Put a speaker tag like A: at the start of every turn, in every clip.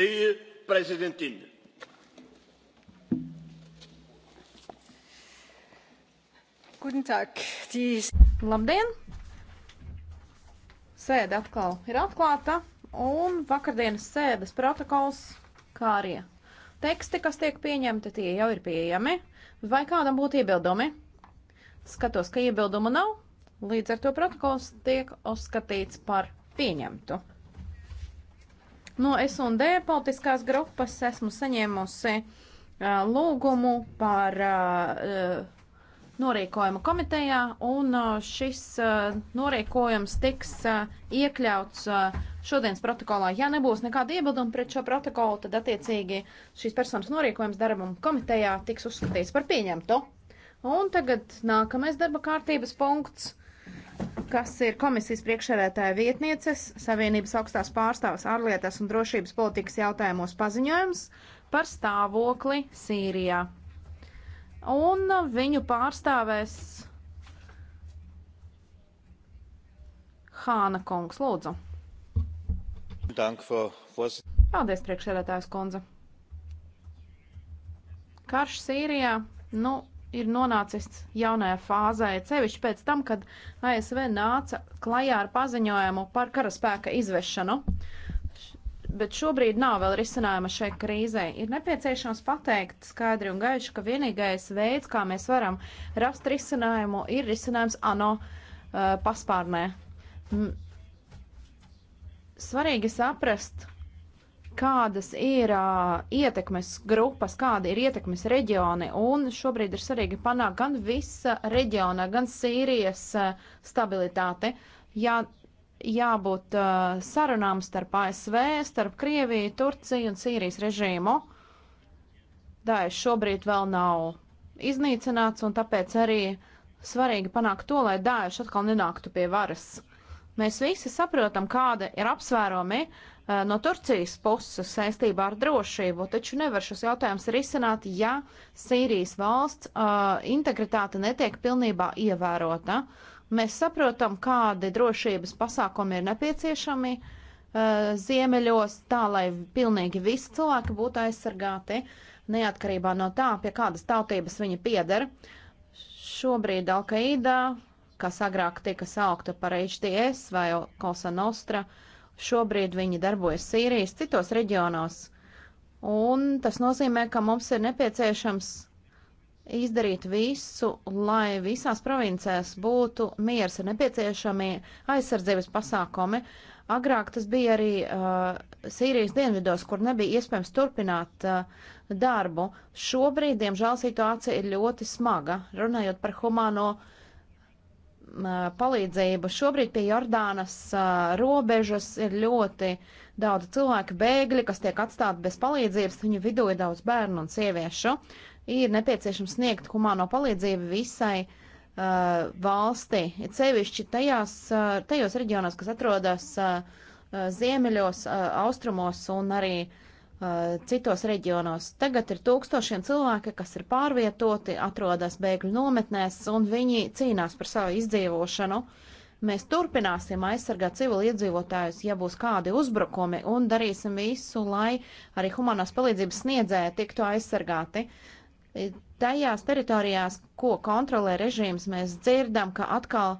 A: de präsidentin!
B: Guten Tag. Die... Labdien! Sēde atkal ir atklāta, un vakardienas sēdes protokols, kā arī teksti, kas tiek pieņemti, tie jau ir pieejami. Vai kādam būtu iebildumi? Skatos, ka iebildumu nav, līdz ar to protokols tiek uzskatīts par pieņemtu. No S&D politiskās grupas esmu saņēmusi uh, lūgumu par uh, uh norīkojumu komitejā, un uh, šis uh, norīkojums tiks uh, iekļauts uh, šodienas protokolā. Ja nebūs nekāda iebilduma pret šo protokolu, tad attiecīgi šīs personas norīkojums darbam komitejā tiks uzskatīts par pieņemtu. Un tagad nākamais darba kārtības punkts kas ir komisijas priekšsēdētāja vietnieces Savienības augstās pārstāvas ārlietās un drošības politikas jautājumos paziņojums par stāvokli Sīrijā. Un viņu pārstāvēs Hāna kungs, lūdzu. Paldies, priekšsēdētājas kundze. Karš Sīrijā, nu, ir nonācis jaunajā fāzē, cevišķi pēc tam, kad ASV nāca klajā ar paziņojumu par karaspēka izvešanu. Bet šobrīd nav vēl risinājuma šai krīzē. Ir nepieciešams pateikt skaidri un gaiši, ka vienīgais veids, kā mēs varam rast risinājumu, ir risinājums ANO uh, paspārnē. Svarīgi saprast, kādas ir uh, ietekmes grupas, kādi ir ietekmes reģioni, un šobrīd ir svarīgi panākt gan visa reģiona, gan Sīrijas uh, stabilitāti. Jā, jābūt uh, sarunām starp ASV, starp Krieviju, Turciju un Sīrijas režīmu. Daesh šobrīd vēl nav iznīcināts, un tāpēc arī svarīgi panākt to, lai Daesh atkal nenāktu pie varas. Mēs visi saprotam, kāda ir apsvērumi uh, Eh, no Turcijas puses saistībā ar drošību, taču nevar šos jautājumus risināt, ja Sīrijas valsts uh, integritāte netiek pilnībā ievērota. Mēs saprotam, kādi drošības pasākumi ir nepieciešami uh, ziemeļos, tā lai pilnīgi visi cilvēki būtu aizsargāti, neatkarībā no tā, pie kādas tautības viņi pieder. Šobrīd Alkaidā, kas agrāk tika saukta par HTS vai Kosa Nostra, uh, Šobrīd viņi darbojas Sīrijas citos reģionos, un tas nozīmē, ka mums ir nepieciešams izdarīt visu, lai visās provincēs būtu miers, ir nepieciešami aizsardzības pasākumi. Agrāk tas bija arī uh, Sīrijas dienvidos, kur nebija iespējams turpināt uh, darbu. Šobrīd, diemžēl, situācija ir ļoti smaga. Runājot par humāno uh, palīdzību. Šobrīd pie Jordānas uh, robežas ir ļoti daudz cilvēku bēgļi, kas tiek atstāti bez palīdzības. Viņu vidū ir daudz bērnu un sieviešu. Ir nepieciešams sniegt humāno palīdzību visai uh, valstī, ir sevišķi tajās, uh, tajos reģionos, kas atrodas uh, ziemeļos, uh, austrumos un arī uh, Eh, citos reģionos. Tagad ir tūkstošiem cilvēki, kas ir pārvietoti, atrodas bēgļu nometnēs, un viņi cīnās par savu izdzīvošanu. Mēs turpināsim aizsargāt civiliedzīvotājus, ja būs kādi uzbrukumi, un darīsim visu, lai arī humanās palīdzības sniedzēji tiktu aizsargāti. Tajās teritorijās, ko kontrolē režīms, mēs dzirdam, ka atkal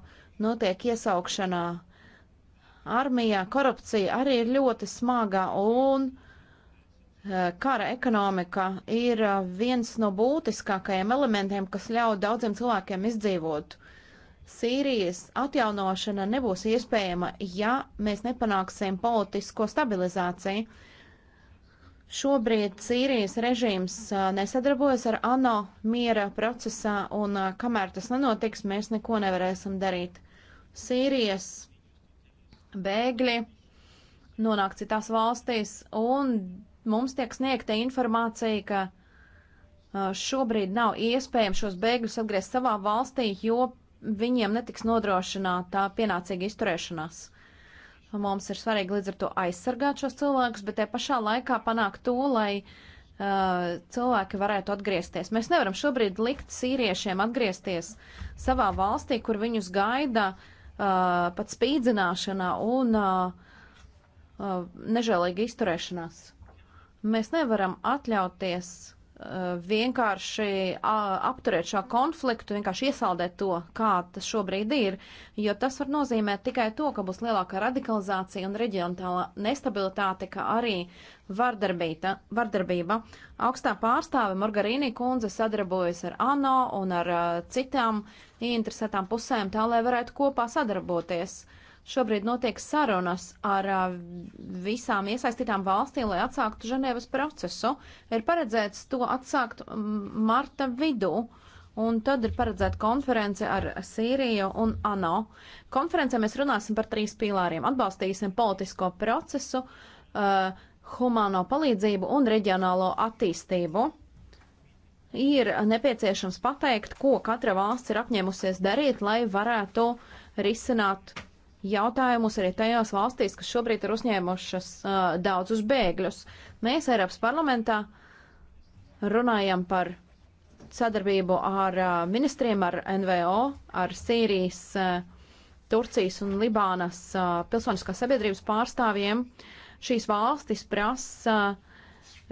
B: notiek iesaukšanā armijā. Korupcija arī ir ļoti smaga un Eh, kara ekonomika ir eh, viens no būtiskākajiem elementiem, kas ļauj daudziem cilvēkiem izdzīvot. Sīrijas atjaunošana nebūs iespējama, ja mēs nepanāksim politisko stabilizāciju. Šobrīd Sīrijas režīms eh, nesadarbojas ar ANO miera procesā, un kamēr tas nenotiks, mēs neko nevarēsim darīt. Sīrijas bēgļi nonāk citās valstīs, un Mums tiek sniegta informācija, ka šobrīd nav iespējams šos bēgļus atgriezt savā valstī, jo viņiem netiks nodrošināta pienācīga izturēšanās. Mums ir svarīgi līdz ar to aizsargāt šos cilvēkus, bet te pašā laikā panākt to, lai uh, cilvēki varētu atgriezties. Mēs nevaram šobrīd likt sīriešiem atgriezties savā valstī, kur viņus gaida uh, pat spīdzināšana un uh, uh, nežēlīga izturēšanās. Mēs nevaram atļauties uh, vienkārši uh, apturēt šo konfliktu, vienkārši iesaldēt to, kā tas šobrīd ir, jo tas var nozīmēt tikai to, ka būs lielāka radikalizācija un reģionālā nestabilitāte, kā arī vardarbība. Augstā pārstāve Margarīnī kundze sadarbojas ar ANO un ar uh, citām interesētām pusēm, tā lai varētu kopā sadarboties. Uh, Šobrīd notiek sarunas ar visām iesaistītām valstīm, lai atsāktu Ženēvas procesu. Ir paredzēts to atsākt marta vidū. Un tad ir paredzēta konference ar Sīriju un ANO. Konferencē mēs runāsim par trīs pīlāriem. Atbalstīsim politisko procesu, uh, humāno palīdzību un reģionālo attīstību ir nepieciešams pateikt, ko katra valsts ir apņēmusies darīt, lai varētu risināt jautājumus arī tajās valstīs, kas šobrīd ir uzņēmušas uh, daudzus bēgļus. Mēs Eiropas parlamentā runājam par sadarbību ar uh, ministriem, ar NVO, ar Sīrijas, uh, Turcijas un Libānas uh, pilsoniskās sabiedrības pārstāvjiem. Šīs valstis prasa uh,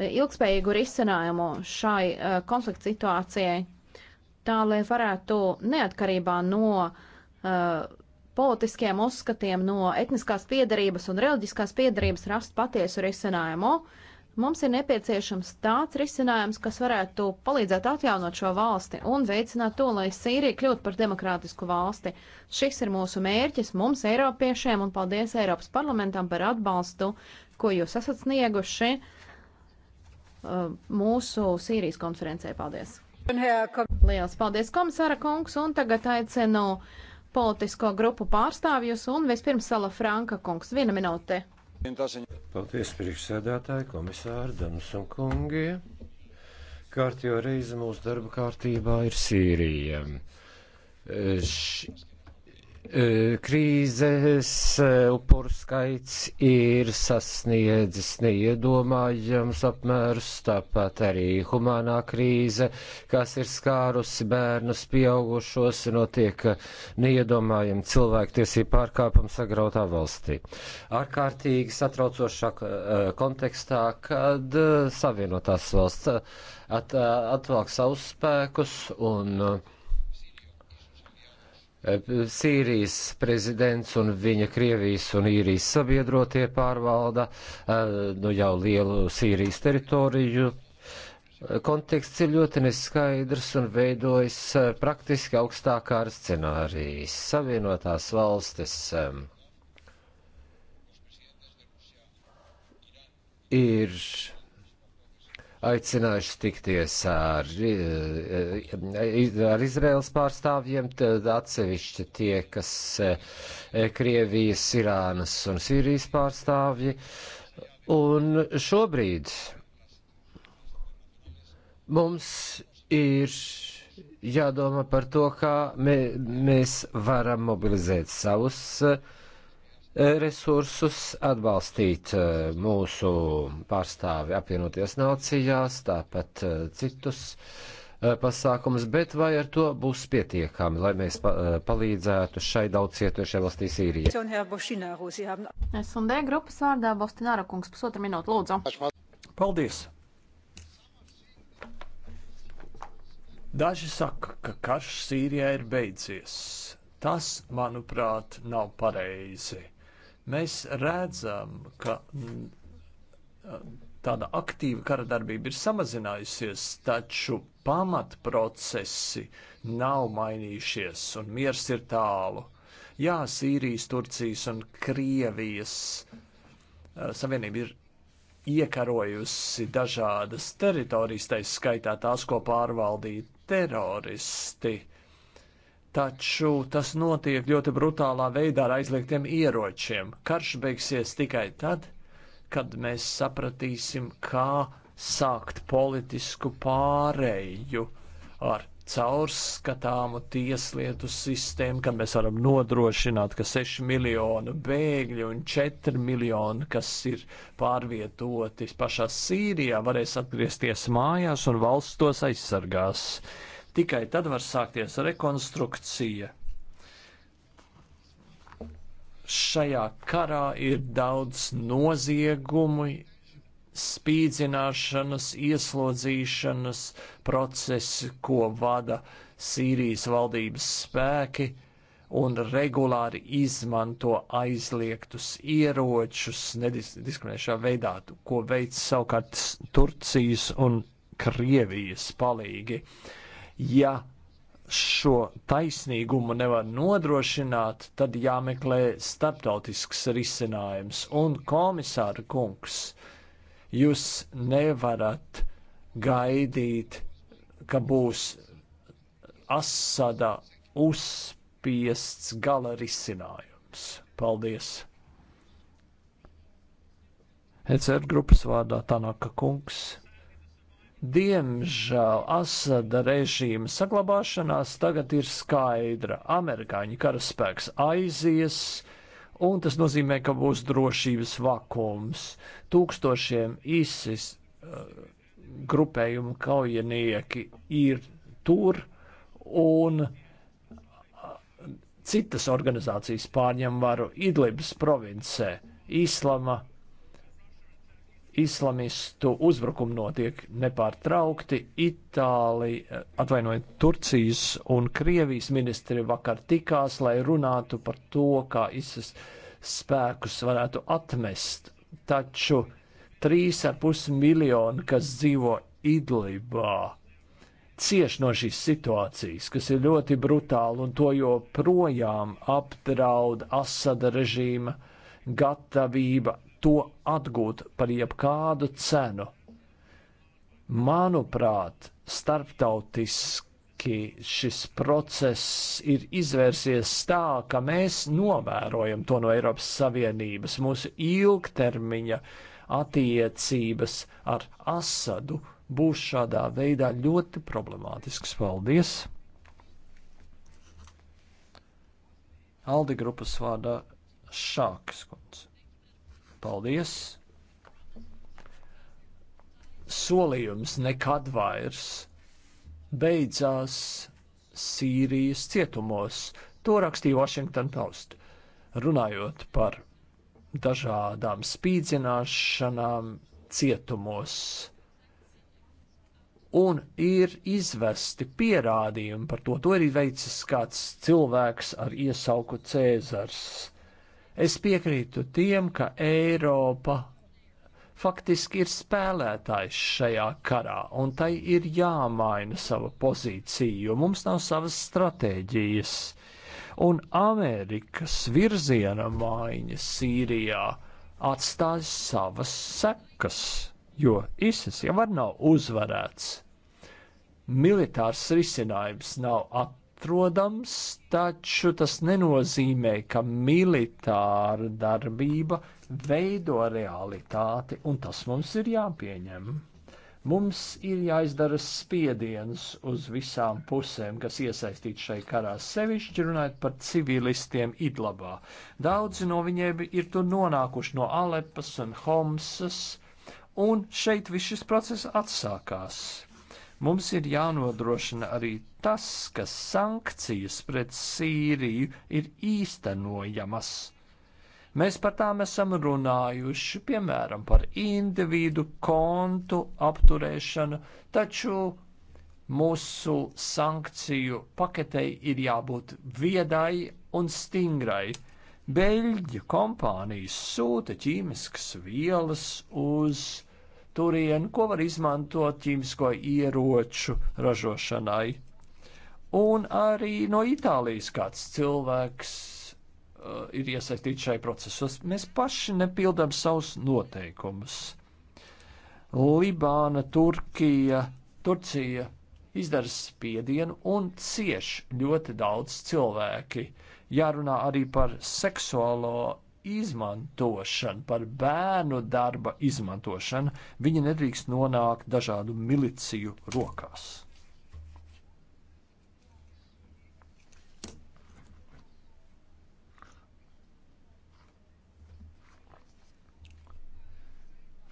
B: ilgspējīgu risinājumu šai uh, konflikta situācijai, tā lai varētu neatkarībā no uh, politiskiem uzskatiem, no etniskās piedarības un reliģiskās piedarības rast patiesu risinājumu. Mums ir nepieciešams tāds risinājums, kas varētu palīdzēt atjaunot šo valsti un veicināt to, lai Sīrija kļūtu par demokrātisku valsti. Šis ir mūsu mērķis mums, Eiropiešiem, un paldies Eiropas parlamentam par atbalstu, ko jūs esat snieguši uh, mūsu Sīrijas konferencē. Paldies! Lielas paldies, komisāra kungs, un tagad aicinu politisko grupu pārstāvjus un vispirms Sala Franka kungs. Viena minūte.
C: Paldies, priekšsēdētāji, komisāri, dāmas un kungi. Kārtjo reizi mūsu darba kārtībā ir Sīrija. Š Krīzes upuru skaits ir sasniedzis neiedomājams apmērus, tāpat arī humanā krīze, kas ir skārusi bērnus pieaugušos, notiek neiedomājami cilvēktiesību pārkāpumu sagrautā valstī. Ārkārtīgi satraucošā kontekstā, kad Savienotās valsts at, atvelk savus spēkus un uh, Sīrijas prezidents un viņa Krievijas un īrijas sabiedrotie pārvalda eh, nu jau lielu Sīrijas teritoriju. Konteksts ir ļoti neskaidrs un veidojas eh, praktiski augstākā ar scenārijas. Savienotās valstis eh, ir aicinājuši tikties ar, ar Izraels pārstāvjiem, tad atsevišķi tie, kas e, Krievijas, Irānas un Sīrijas pārstāvji. Un šobrīd mums ir jādomā par to, kā mē, mēs varam mobilizēt savus uh, E, resursus, atbalstīt e, mūsu pārstāvi apvienoties nācijās, tāpat e, citus pasākumus, bet vai ar to būs pietiekami, lai mēs pa, palīdzētu šai daudz cietošai valstī Sīrijai?
B: S&D grupas vārdā Bostināra kungs, pusotra minūte, lūdzu.
C: Paldies!
A: Daži saka, ka karš Sīrijā ir beidzies. Tas, manuprāt, nav pareizi. Mēs redzam, ka mm, tāda aktīva kara darbība ir samazinājusies, taču pamatprocesi nav mainījušies un miers ir tālu. Jā, Sīrijas, Turcijas un Krievijas eh, savienība ir iekarojusi dažādas teritorijas, tā skaitā tās, ko pārvaldīja teroristi. Taču tas notiek ļoti brutālā veidā ar aizliegtiem ieročiem. Karš beigsies tikai tad, kad mēs sapratīsim, kā sākt politisku pārēju ar caurskatāmu tieslietu sistēmu, kad mēs varam nodrošināt, ka 6 miljonu bēgļu un 4 miljoni, kas ir pārvietoti pašā Sīrijā, varēs atgriezties mājās un valsts tos aizsargās. Tikai tad var sākties rekonstrukcija. Šajā karā ir daudz noziegumu, spīdzināšanas, ieslodzīšanas procesi, ko vada Sīrijas valdības spēki un regulāri izmanto aizliegtus ieročus nediskriminējušā veidā, ko veic savukārt Turcijas un Krievijas palīgi. Ja šo taisnīgumu nevar nodrošināt, tad jāmeklē starptautisks risinājums. Un, komisāra kungs, jūs nevarat gaidīt, ka būs Asada uzspiests gala risinājums. Paldies! ECR grupas vārdā Tanaka kungs. Diemžēl Asada režīma saglabāšanās tagad ir skaidra. Amerikāņu karaspēks aizies, un tas nozīmē, ka būs drošības vakums. Tūkstošiem ISIS uh, grupējumu kaujinieki ir tur, un eh, citas organizācijas pārņem varu Idlibas provincē - Islama islamistu uzbrukumi notiek nepārtraukti. Itālija, eh, atvainojiet, Turcijas un Krievijas ministri vakar tikās, lai runātu par to, kā ISIS spēkus varētu atmest. Taču 3,5 miljoni, kas dzīvo Idlibā, cieš no šīs situācijas, kas ir ļoti brutāla un to joprojām apdraud Asada režīma gatavība to atgūt par jebkādu cenu. Manuprāt, starptautiski šis process ir izvērsies tā, ka mēs novērojam to no Eiropas Savienības, mūsu ilgtermiņa attiecības ar Asadu būs šādā veidā ļoti problemātisks. Paldies! Aldi grupas vārdā Šāks kundze. Paldies! Solījums nekad vairs beidzās Sīrijas cietumos. To rakstīja Washington Post. Runājot par dažādām spīdzināšanām cietumos un ir izvesti pierādījumi par to. To ir veicis kāds cilvēks ar iesauku Cēzars. Es piekrītu tiem, ka Eiropa faktiski ir spēlētājs šajā karā, un tai ir jāmaina sava pozīcija, jo mums nav savas stratēģijas. Un Amerikas virziena maiņa Sīrijā atstās savas sekas, jo ISIS jau var nav uzvarēts. Militārs risinājums nav atrasts atrodams, taču tas nenozīmē, ka militāra darbība veido realitāti, un tas mums ir jāpieņem. Mums ir jāizdara spiediens uz visām pusēm, kas iesaistīts šai karā, sevišķi runājot par civilistiem Idlabā. Daudzi no viņiem ir tur nonākuši no Alepas un Homsas, un šeit viss šis process atsākās. Mums ir jānodrošina arī tas, ka sankcijas pret Sīriju ir īstenojamas. Mēs par tām esam runājuši, piemēram, par individu kontu apturēšanu, taču mūsu sankciju paketei ir jābūt viedai un stingrai. Beļģu kompānijas sūta ķīmiskas vielas uz turienu, ko var izmantot ķīmisko ieroču ražošanai. Un arī no Itālijas kāds cilvēks uh, ir iesaistīts šai procesos. Mēs paši nepildām savus noteikumus. Libāna, Turkija, Turcija izdara spiedienu un cieš ļoti daudz cilvēki. Jārunā arī par seksuālo izmantošanu, par bērnu darba izmantošanu. Viņi nedrīkst nonākt dažādu miliciju rokās.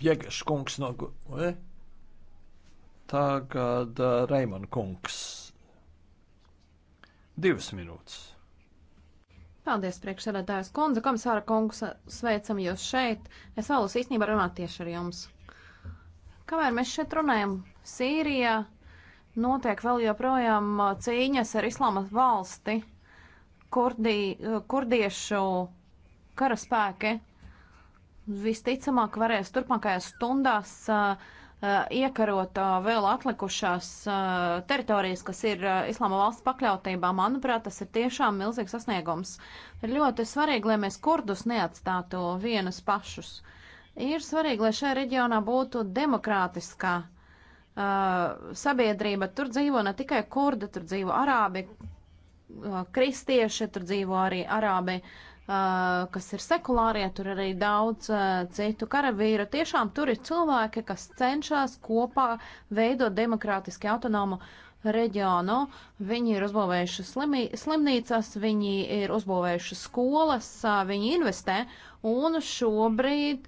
A: Jēgas kungs no Gulē. E? Tagad uh, Raimond kungs. Divas minūtes.
B: Paldies, priekšsēdētājs kundze, komisāra kungs, sveicam jūs šeit. Es vēlos īstenībā runāt tieši ar jums. Kamēr mēs šeit runājam, Sīrijā notiek vēl joprojām uh, cīņas ar islāma valsti, kurdī, uh, kurdiešu karaspēki visticamāk varēs turpmākajās stundās uh, Eh, iekarot eh, vēl atlikušās eh, teritorijas, kas ir Islāma valsts pakļautībā, manuprāt, tas ir tiešām milzīgs sasniegums. Ir ļoti svarīgi, lai mēs kurdus neatstātu vienus pašus. Ir svarīgi, lai šajā reģionā būtu demokrātiskā uh, sabiedrība. Tur dzīvo ne tikai kurdi, tur dzīvo arābi, kristieši, tur dzīvo arī arābi. Uh, Eh, kas ir sekulārie, tur arī daudz eh, citu karavīru. Tiešām tur ir cilvēki, kas cenšas kopā veidot demokrātiski autonomu reģionu. Viņi ir uzbūvējuši slimi, slimnīcas, viņi ir uzbūvējuši skolas, eh, viņi investē un šobrīd.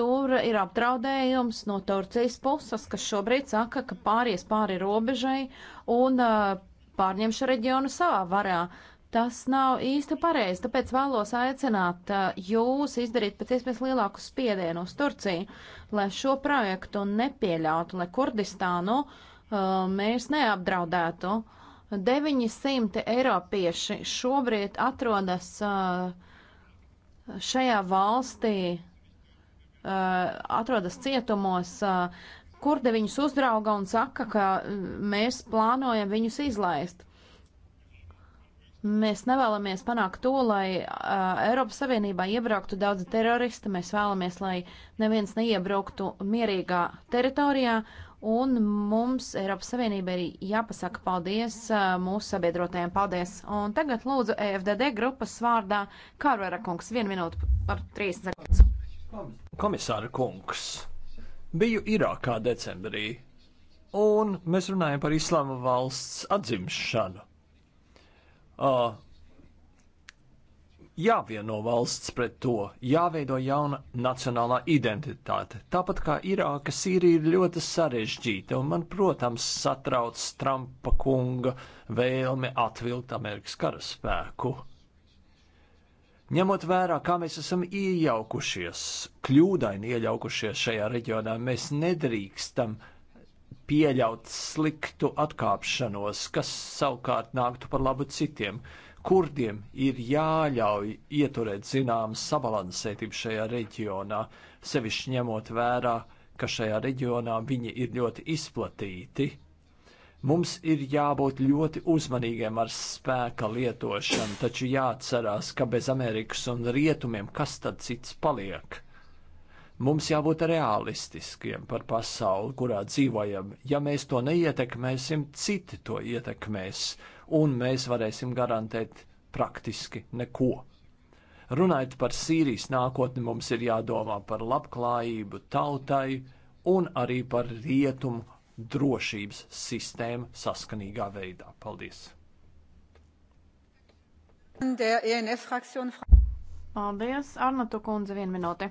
B: Tur ir apdraudējums no Turcijas puses, kas šobrīd saka, ka pāries pāri robežai un uh, pārņemšu reģionu savā varā. Uh, Tas nav īsti pareizi, tāpēc vēlos aicināt jūs izdarīt pēc iespējas lielāku spiedienu uz Turciju, lai šo projektu nepieļautu, lai Kurdistānu uh, mēs neapdraudētu. 900 eiropieši šobrīd atrodas uh, šajā valstī, uh, atrodas cietumos, kurdi viņus uzdrauga un saka, ka mēs plānojam viņus izlaist. Mēs nevēlamies panākt to, lai uh, Eiropas Savienībā iebrauktu daudzi teroristi. Mēs vēlamies, lai neviens neiebrauktu mierīgā teritorijā. Un mums Eiropas Savienība ir jāpasaka paldies uh, mūsu sabiedrotajiem. Paldies! Un tagad lūdzu EFDD grupas vārdā Kārvera kungs. Vienu minūtu par 30
A: sekundes. Komisāra kungs, biju Irākā decembrī, un mēs runājam par Islāma valsts atzimšanu uh, jāvieno valsts pret to, jāveido jauna nacionālā identitāte. Tāpat kā Irāka, Sīrija ir ļoti sarežģīta, un man, protams, satrauc Trumpa kunga vēlme atvilkt Amerikas karaspēku. Ņemot vērā, kā mēs esam iejaukušies, kļūdaini iejaukušies šajā reģionā, mēs nedrīkstam uh, pieļaut sliktu atkāpšanos, kas savukārt nāktu par labu citiem. Kurdiem ir jāļauj ieturēt zinām sabalansētību šajā reģionā, sevišķi ņemot vērā, ka šajā reģionā viņi ir ļoti izplatīti. Mums ir jābūt ļoti uzmanīgiem ar spēka lietošanu, taču jāatcerās, ka bez Amerikas un Rietumiem kas tad cits paliek? Mums jābūt realistiskiem par pasauli, kurā dzīvojam. Ja mēs to neietekmēsim, citi to ietekmēs, un mēs varēsim garantēt praktiski neko. Runājot par Sīrijas nākotni, mums ir jādomā par labklājību tautai un arī par rietumu drošības sistēmu saskanīgā veidā. Paldies!
B: E Paldies, Arnatu kundze, vienu minūti.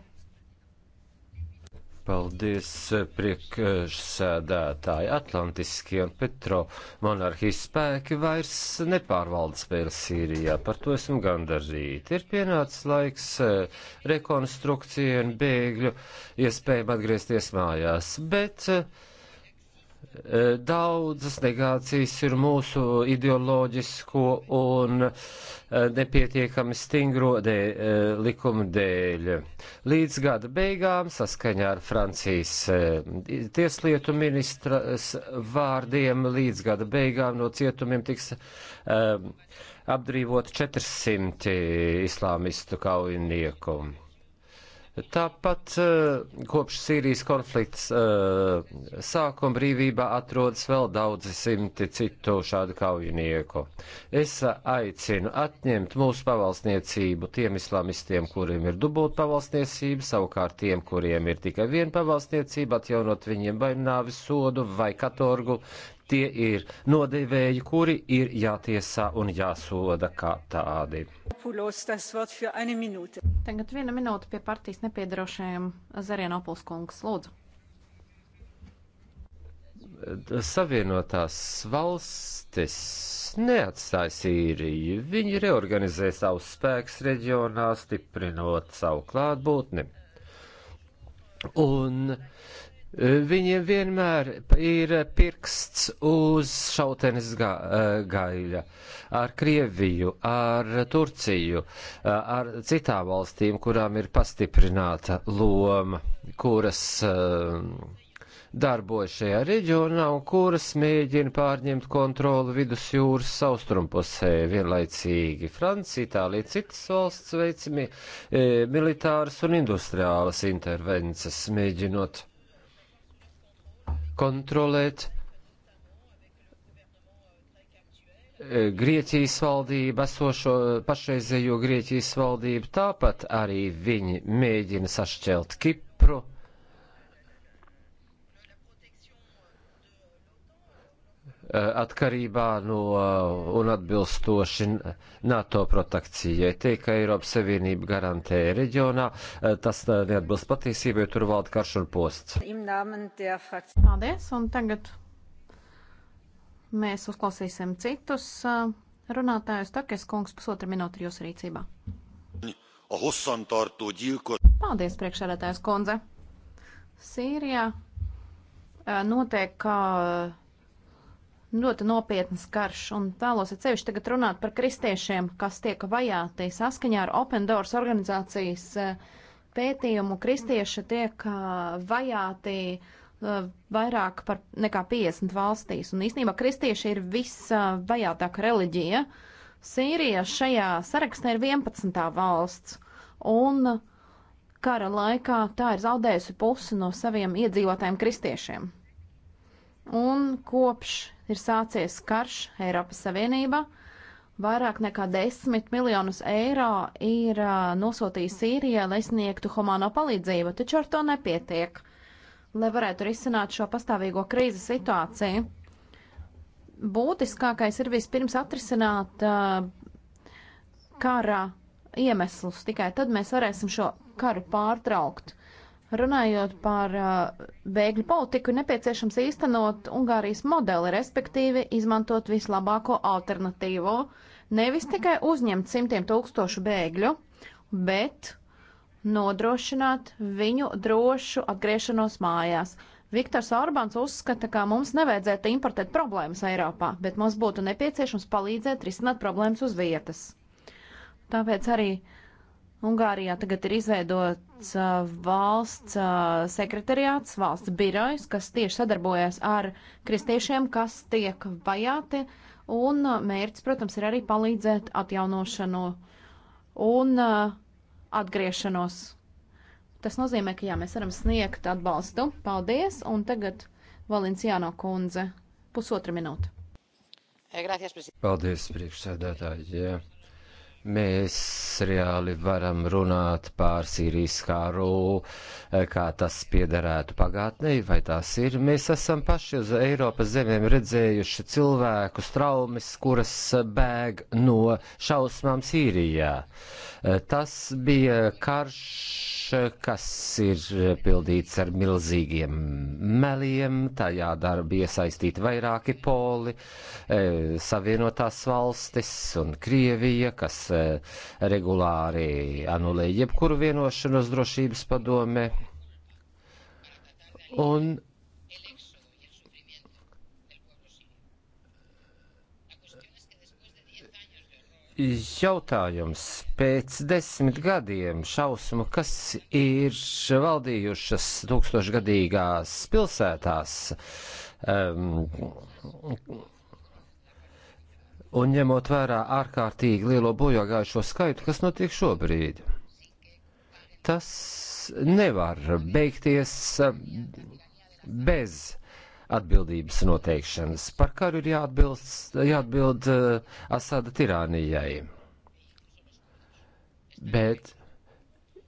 C: Paldies, eh, priekšsēdētāji. Atlantiskie un Petro monarhijas spēki vairs nepārvalda spēli Sīrijā. Par to esmu gandarīti. Ir pienācis laiks eh, rekonstrukcijai un bēgļu iespējam atgriezties mājās, bet uh, Eh, daudzas negācijas ir mūsu ideoloģisko un eh, nepietiekami stingro dēļ, eh, likuma dēļ. Līdz gada beigām, saskaņā ar Francijas tieslietu ministras vārdiem, līdz gada beigām no cietumiem tiks apdrīvot 400 islāmistu kaujinieku. Tāpat eh, kopš Sīrijas konflikts eh, sākuma brīvībā atrodas vēl daudzi simti citu šādu kaujinieku. Es eh, aicinu atņemt mūsu pavalsniecību tiem islamistiem, kuriem ir dubult pavalsniecība, savukārt tiem, kuriem ir tikai viena pavalsniecība, atjaunot viņiem vai nāvis sodu vai katorgu Tie ir nodevēji, kuri ir jātiesā un jāsoda kā tādi.
B: Tagad viena minūte pie partijas nepiedarošajiem Zarienopuls kungs. Lūdzu.
C: Savienotās valstis neatstāja Sīriju. Viņi reorganizē savus spēkus reģionā, stiprinot savu klātbūtni. Un Viņiem vienmēr ir pirksts uz šautenes ga eh, gaļa ar Krieviju, ar Turciju, eh, ar citām valstīm, kurām ir pastiprināta loma, kuras eh, darbojas šajā reģionā un kuras mēģina pārņemt kontroli vidusjūras saustrumpusē vienlaicīgi. Francija, Itālija, citas valsts veicami militāras un industriālas intervences, mēģinot kontrolēt e, Grieķijas valdību, esošo pašreizējo Grieķijas valdību, tāpat arī viņi mēģina sašķelt Kipru. Eh, atkarībā no eh, un atbilstoši NATO protekcijai. Teikt, ka Eiropas Savienība garantē reģionā, eh, tas neatbilst patiesībai, tur valda karš un posts.
B: Paldies, un tagad mēs uzklausīsim citus runātājus. Takes kungs, pusotra minūte ir jūsu rīcībā. Paldies, priekšsēdētājs kundze. Sīrijā notiek ļoti nopietnas karš, un vēlos atsevišķi tagad runāt par kristiešiem, kas tiek vajāti saskaņā ar Open Doors organizācijas eh, pētījumu. Kristieši tiek eh, vajāti eh, vairāk par nekā 50 valstīs, un īstenībā kristieši ir visvajātāka reliģija. Sīrija šajā sarakstā ir 11. valsts, un kara laikā tā ir zaudējusi pusi no saviem iedzīvotājiem kristiešiem. Un kopš ir sācies karš Eiropas Savienībā. Vairāk nekā 10 miljonus eiro ir uh, nosūtījis Sīrijai, lai sniegtu humāno palīdzību, taču ar to nepietiek. Lai varētu risināt šo pastāvīgo krīzes situāciju, būtiskākais ir vispirms atrisināt uh, kara iemeslus. Tikai tad mēs varēsim šo karu pārtraukt. Runājot par bēgļu politiku, nepieciešams īstenot Ungārijas modeli, respektīvi izmantot vislabāko alternatīvu. Nevis tikai uzņemt simtiem tūkstošu bēgļu, bet nodrošināt viņu drošu atgriešanos mājās. Viktors Orbāns uzskata, ka mums nevajadzētu importēt problēmas Eiropā, bet mums būtu nepieciešams palīdzēt risināt problēmas uz vietas. Tāpēc arī uh, Ungārijā tagad ir izveidots uh, valsts uh, sekretariāts, valsts birojs, kas tieši sadarbojas ar kristiešiem, kas tiek vajāti, un uh, mērķis, protams, ir arī palīdzēt atjaunošanu un uh, atgriešanos. Tas nozīmē, ka jā, mēs varam sniegt atbalstu. Paldies, un tagad Valenciāno kundze pusotra minūte. Eh,
C: Paldies, priekšsēdētāji. Yeah mēs reāli varam runāt pār Sīrijas kāru, eh, kā tas piederētu pagātnē, vai tās ir. Mēs esam paši uz Eiropas zemēm redzējuši cilvēku traumas, kuras bēg no šausmām Sīrijā. Eh, tas bija karš, kas ir pildīts ar milzīgiem meliem, tajā darba iesaistīti vairāki poli, eh, savienotās valstis un Krievija, kas regulāri anulē jebkuru vienošanos drošības padome. Un jautājums pēc desmit gadiem šausmu, kas ir valdījušas tūkstošgadīgās pilsētās. Um, un ņemot vērā ārkārtīgi lielo bojāgājušo skaitu, kas notiek šobrīd. Tas nevar beigties eh, bez atbildības noteikšanas. Par karu ir jāatbild, jāatbild eh, Asada tirānijai. Bet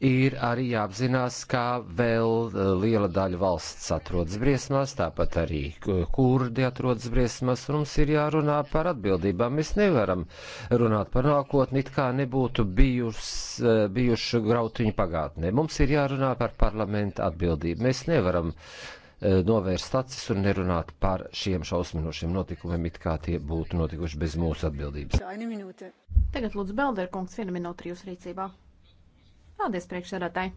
C: ir arī jāapzinās, kā vēl eh, liela daļa valsts atrodas briesmās, tāpat arī eh, kurdi atrodas briesmās, un mums ir jārunā par atbildībām. Mēs nevaram runāt par nākotni, it kā nebūtu bijus, eh, bijuši grautiņu pagātnē. Mums ir jārunā par parlamenta atbildību. Mēs nevaram novērst acis un nerunāt par šiem šausminošiem notikumiem, it kā tie būtu notikuši bez mūsu atbildības.
B: Tagad lūdzu Belderkungs, viena minūte jūsu rīcībā. Paldies, priekšsēdētāji!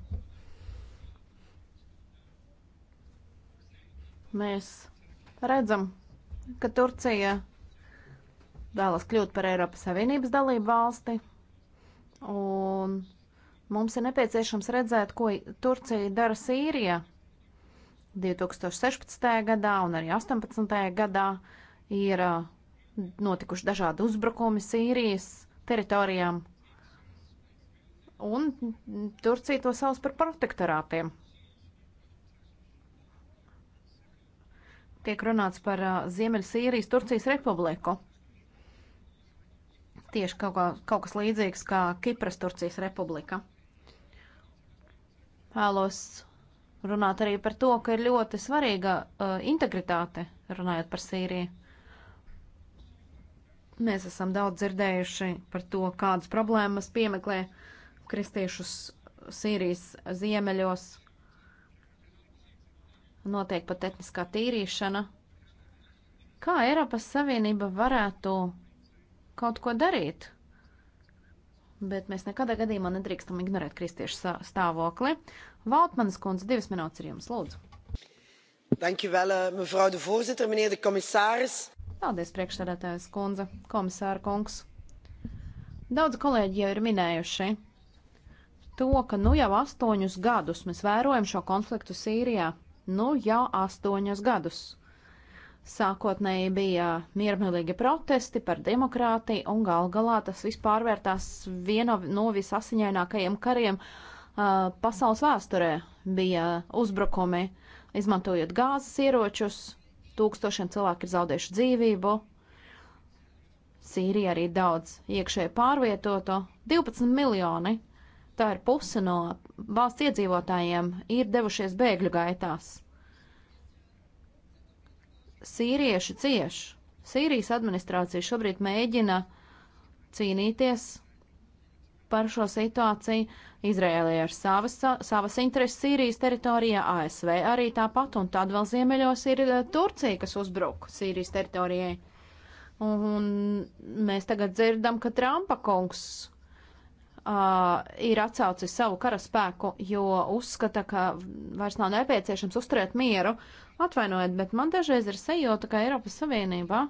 B: Mēs redzam, ka Turcija vēlas kļūt par Eiropas Savienības dalību valsti, un mums ir nepieciešams redzēt, ko Turcija dara Sīrijā 2016. gadā un arī 18. gadā ir uh, notikuši dažādi uzbrukumi Sīrijas teritorijām un Turcija to sauc par protektorātiem. Tiek runāts par uh, Ziemeļsīrijas Turcijas republiku. Tieši kaut, kā, kaut kas līdzīgs kā Kipras Turcijas republika. Vēlos runāt arī par to, ka ir ļoti svarīga uh, integritāte, runājot par Sīriju. Mēs esam daudz dzirdējuši par to, kādas problēmas piemeklē uh, kristiešus Sīrijas ziemeļos. Notiek pat etniskā tīrīšana. Kā Eiropas Savienība varētu kaut ko darīt? Bet mēs nekādā gadījumā nedrīkstam ignorēt kristiešu stāvokli. Valtmanis kundze, divas minūtes ir jums, lūdzu.
C: Dankjewel, eh, mevrouw de voorzitter,
B: meneer de commissaris. Paldies, priekšsēdētājas kundze, komisāra kungs. Daudz kolēģi jau ir minējuši to, ka nu jau astoņus gadus mēs vērojam šo konfliktu Sīrijā. Nu jau astoņus gadus. Sākotnēji bija miermīlīgi protesti par demokrātiju, un gal galā tas viss pārvērtās vieno no visasiņainākajiem kariem uh, pasaules vēsturē. Bija uzbrukumi, izmantojot gāzes ieročus, tūkstošiem cilvēku ir zaudējuši dzīvību, Sīrija arī daudz iekšēji pārvietoto - 12 miljoni tā ir puse no valsts iedzīvotājiem, ir devušies bēgļu gaitās. Sīrieši cieš. Sīrijas administrācija šobrīd mēģina cīnīties par šo situāciju. Izrēlē ar savas, savas intereses Sīrijas teritorijā, ASV arī tāpat, un tad vēl ziemeļos ir e, Turcija, kas uzbruk Sīrijas teritorijai. Un mēs tagad dzirdam, ka Trumpa kungs uh, ir atcaucis savu karaspēku, jo uzskata, ka vairs nav nepieciešams uzturēt mieru. Atvainojiet, bet man dažreiz ir sajūta, ka Eiropas Savienībā,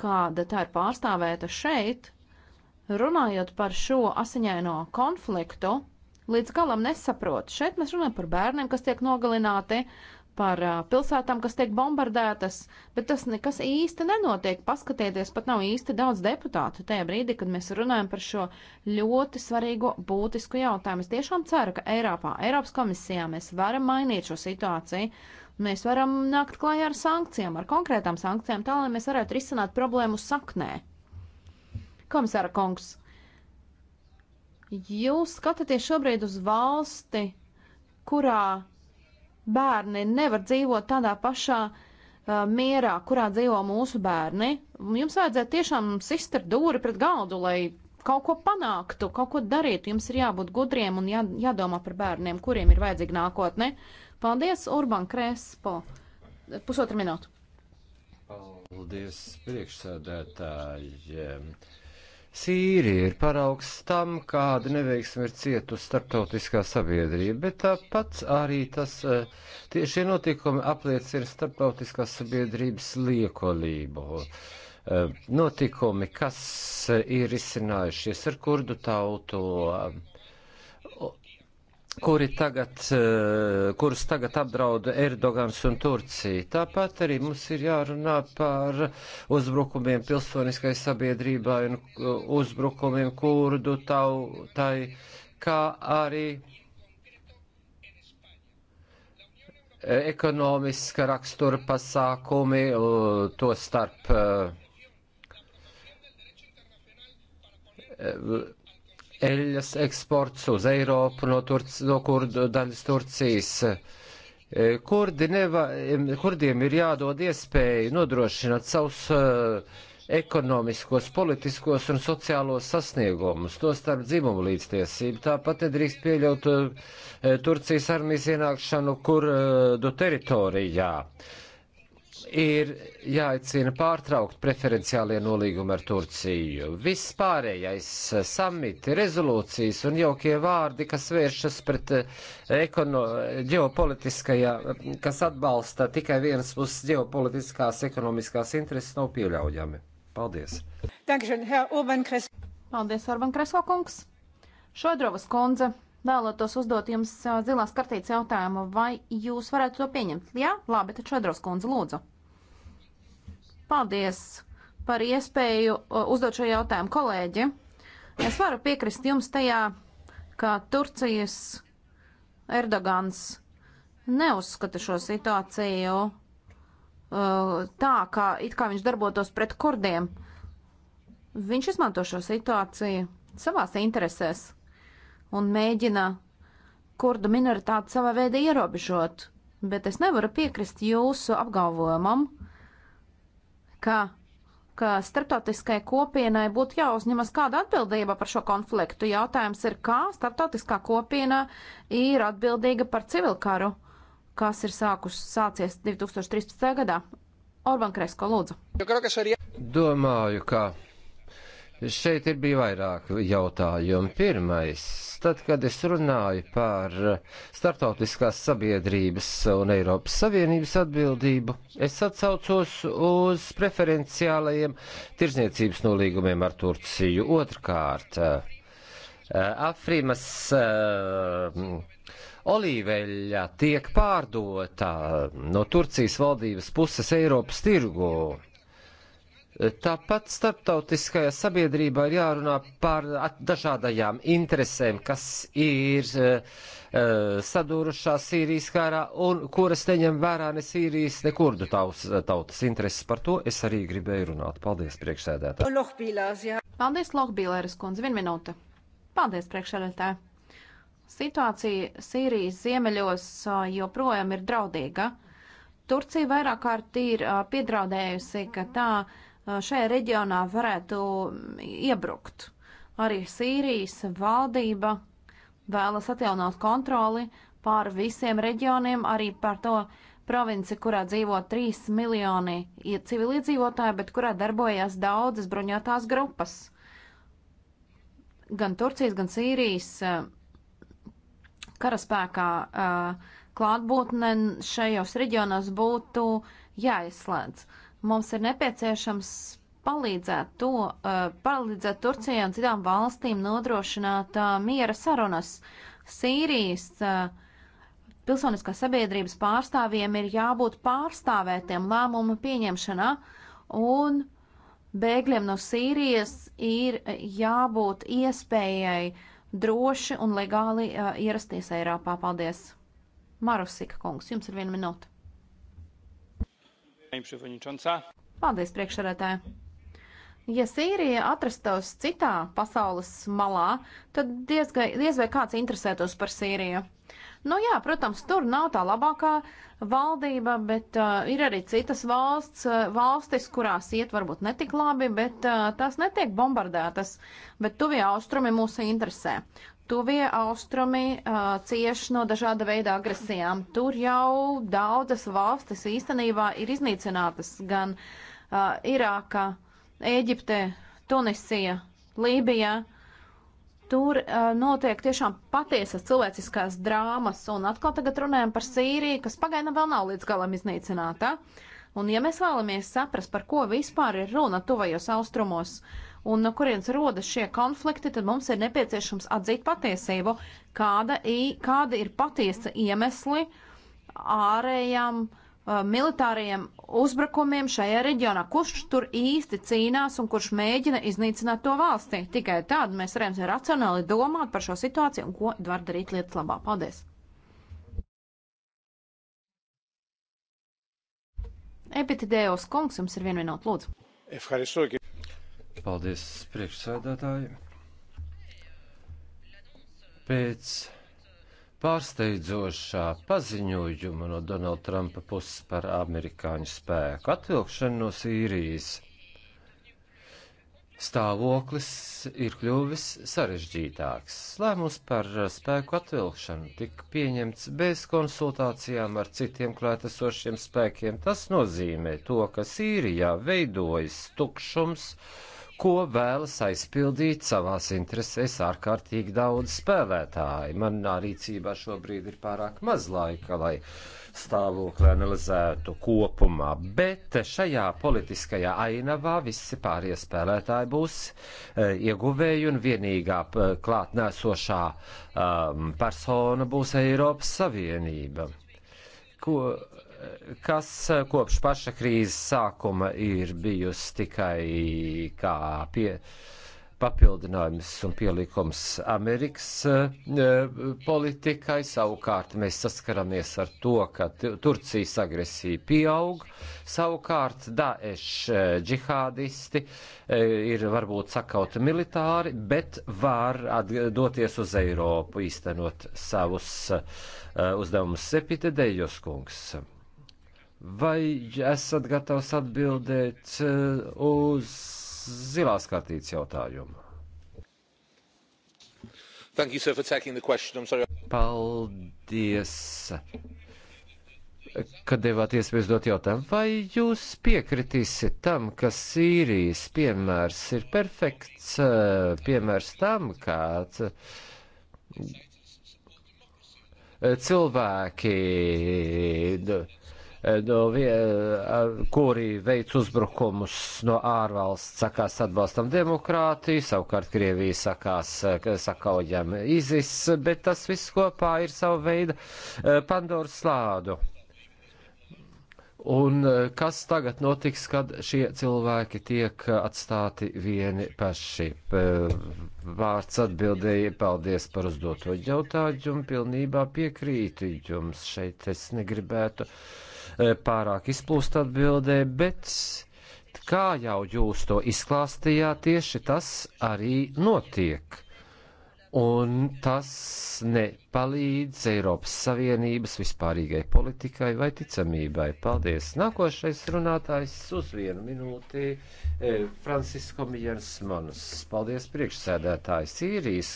B: kāda tā ir pārstāvēta šeit, runājot par šo asiņaino konfliktu, līdz galam nesaprot. Šeit mēs runājam par bērniem, kas tiek nogalināti. Uh, par pilsētām, kas tiek bombardētas, bet tas nekas īsti nenotiek. Paskatieties, pat nav īsti daudz deputātu tajā brīdī, kad mēs runājam par šo ļoti svarīgo būtisku jautājumu. Es tiešām ceru, ka Eiropā, Eiropas komisijā mēs varam mainīt šo situāciju. Mēs varam nākt klājā ar sankcijām, ar konkrētām sankcijām, tā lai mēs varētu risināt problēmu saknē. Komisāra kungs, jūs skatāties šobrīd uz valsti, kurā bērni nevar dzīvot tādā pašā uh, mierā, kurā dzīvo mūsu bērni. Jums vajadzētu tiešām sistert dūri pret galdu, lai kaut ko panāktu, kaut ko darītu. Jums ir jābūt gudriem un jā, jādomā par bērniem, kuriem ir vajadzīga nākotne. Paldies, Urban Krespo. Pusotra
C: minūte. Paldies, priekšsēdētāji. Sīrija ir paraugs tam, kāda neveiksme ir cietusi starptautiskā sabiedrība, bet tāpat arī tas eh, tieši notikumi apliecina starptautiskās sabiedrības liekolību. Eh, notikumi, kas ir izcinājušies ar kurdu tautu, eh, kuri tagad, eh, kurus tagad apdrauda Erdogans un Turcija. Tāpat arī mums ir jārunā par uzbrukumiem pilsoniskai sabiedrībai un eh, uzbrukumiem kurdu tautai, kā arī eh, ekonomiska rakstura pasākumi, to starp eļļas eksports uz Eiropu no, Turc, no kurdu daļas Turcijas. E, kurdi neva, kurdiem ir jādod iespēju nodrošināt savus uh, ekonomiskos, politiskos un sociālos sasniegumus, to starp dzimumu līdztiesību. Tāpat nedrīkst pieļaut uh, Turcijas armijas ienākšanu kurdu uh, teritorijā. Uh, ir jāicina pārtraukt preferenciālie nolīgumi ar Turciju. Viss pārējais eh, samiti, rezolūcijas un jaukie vārdi, kas vēršas pret eh, ekono, ģeopolitiskajā, eh, kas atbalsta tikai vienas puses ģeopolitiskās ekonomiskās intereses, nav pieļaujami. Paldies!
B: Paldies, Orban Kreso kungs! Šodrovas kundze vēlētos uzdot jums zilās kartītes jautājumu, vai jūs varētu to pieņemt? Jā, labi, tad Šodrovs kundze lūdzu. Paldies par iespēju uzdot šo jautājumu kolēģi. Es varu piekrist jums tajā, ka Turcijas Erdogans neuzskata šo situāciju tā, kā it kā viņš darbotos pret kurdiem. Viņš izmanto šo situāciju savās interesēs un mēģina kurdu minoritāti savā veidā ierobežot, bet es nevaru piekrist jūsu apgalvojumam, uh, ka ka starptautiskai kopienai būtu jāuzņemas kāda atbildība par šo konfliktu. Jautājums ir, kā starptautiskā kopiena ir atbildīga par civilkaru, kas ir sākus, sācies 2013. gadā. Orban Kresko, lūdzu.
C: Domāju, ka Šeit ir bija vairāk jautājumu. Pirmais, tad, kad es runāju par startautiskās sabiedrības un Eiropas Savienības atbildību, es atsaucos uz preferenciālajiem tirzniecības nolīgumiem ar Turciju. Otrkārt, Afrimas eh, olīveļa tiek pārdota no Turcijas valdības puses Eiropas tirgū Tāpat starptautiskajā sabiedrībā ir jārunā par dažādajām interesēm, kas ir uh, eh, eh, sadūrušās Sīrijas kārā un kuras neņem vērā ne Sīrijas, ne kurdu tautas, tautas intereses. Par to es arī gribēju runāt. Paldies,
B: priekšsēdētāji. Paldies, Lohbīlēras kundze. Vienu minūte. Paldies, priekšsēdētāji. Situācija Sīrijas ziemeļos eh, joprojām ir draudīga. Turcija vairāk kārt ir piedraudējusi, ka tā uh, šajā reģionā varētu iebrukt. Arī Sīrijas valdība vēlas atjaunot kontroli pār visiem reģioniem, arī par to provinci, kurā dzīvo 3 miljoni civiliedzīvotāji, bet kurā darbojas daudzas bruņotās grupas. Gan Turcijas, gan Sīrijas karaspēkā klātbūtne šajos reģionos būtu jāizslēdz. Mums ir nepieciešams palīdzēt, to, eh, palīdzēt Turcijai un citām valstīm nodrošināt eh, miera sarunas. Sīrijas eh, pilsoniskās sabiedrības pārstāvjiem ir jābūt pārstāvētiem lēmumu pieņemšanā, un bēgļiem no Sīrijas ir jābūt iespējai droši un legāli ierasties Eiropā. Paldies! Marusika kungs, jums ir viena minūte. Paldies, priekšsarētāji! Ja Sīrija atrastos citā pasaules malā, tad diezgan, diez vai kāds interesētos par Sīriju. Nu jā, protams, tur nav tā labākā valdība, bet uh, ir arī citas valsts, uh, valstis, kurās iet varbūt netik labi, bet uh, tās netiek bombardētas, bet tuvie austrumi mūs interesē. Tuvie austrumi uh, cieš no dažāda veida agresijām. Tur jau daudzas valstis īstenībā ir iznīcinātas gan uh, Irākā, Ēģiptē, Tunisija, Lībijā. Tur uh, notiek tiešām patiesas cilvēciskās drāmas, un atkal tagad runājam par Sīriju, kas pagaidām vēl nav līdz galam iznīcināta. Un ja mēs vēlamies saprast, par ko vispār ir runa tuvajos austrumos, uh, un no kurienes rodas šie konflikti, tad mums ir nepieciešams atzīt patiesību, kāda, i, kāda ir patiesa iemesli ārējām uh, militāriem uzbrukumiem šajā reģionā, kurš tur īsti cīnās un kurš mēģina iznīcināt to valstī. Tikai tad mēs varam racionāli domāt par šo situāciju un ko var darīt lietas labā. Paldies! Epitēdējos kungs, jums ir viena minūte,
C: lūdzu. Paldies, priekšsēdētāji. Pēc pārsteidzošā paziņojuma no Donalda Trumpa puses par amerikāņu spēku atvilkšanu no Sīrijas stāvoklis ir kļuvis sarežģītāks. Lēmums par spēku atvilkšanu tika pieņemts bez konsultācijām ar citiem klātesošiem spēkiem. Tas nozīmē to, ka Sīrijā veidojas tukšums ko vēlas aizpildīt savās interesēs ārkārtīgi daudz spēlētāji. Manā rīcībā šobrīd ir pārāk maz laika, lai stāvokli analizētu kopumā, bet šajā politiskajā ainavā visi pārējie spēlētāji būs e, ieguvēji un vienīgā klātnēsošā um, persona būs Eiropas Savienība. Ko, kas eh, kopš paša krīzes sākuma ir bijusi tikai kā pie, papildinājums un pielikums Amerikas eh, politikai. Savukārt mēs saskaramies ar to, ka Turcijas agresija pieaug. Savukārt Daesh eh, džihādisti ir varbūt sakauti militāri, bet var doties uz Eiropu īstenot savus uzdevumus Sepitedējos kungs. Vai esat gatavs atbildēt eh, uz zilās kartītes jautājumu? Thank you, sir, for taking the question. I'm sorry. Paldies, ka devāt iespējas dot jautājumu. Vai jūs piekritīsiet tam, ka Sīrijas piemērs ir perfekts eh, piemērs tam, kāds eh, cilvēki Eh, eh, kuri veic uzbrukumus no ārvalsts, sakās atbalstam demokrātiju, savukārt Krievija sakās eh, sakaujam izis, bet tas viss kopā ir savu veidu Pandoras slādu. Un kas tagad notiks, kad šie cilvēki tiek atstāti vieni paši? Vārds atbildēja, paldies par uzdoto jautājumu, pilnībā piekrītu jums šeit, es negribētu. Uh, Eh, pārāk izplūst atbildē, bet kā jau jūs to izklāstījāt, tieši tas arī notiek. Un tas nepalīdz Eiropas Savienības vispārīgai politikai vai ticamībai. Paldies! Nākošais runātājs uz vienu minūti eh, - Francisko Mijans Manus. Paldies, priekšsēdētājs! Sīrijas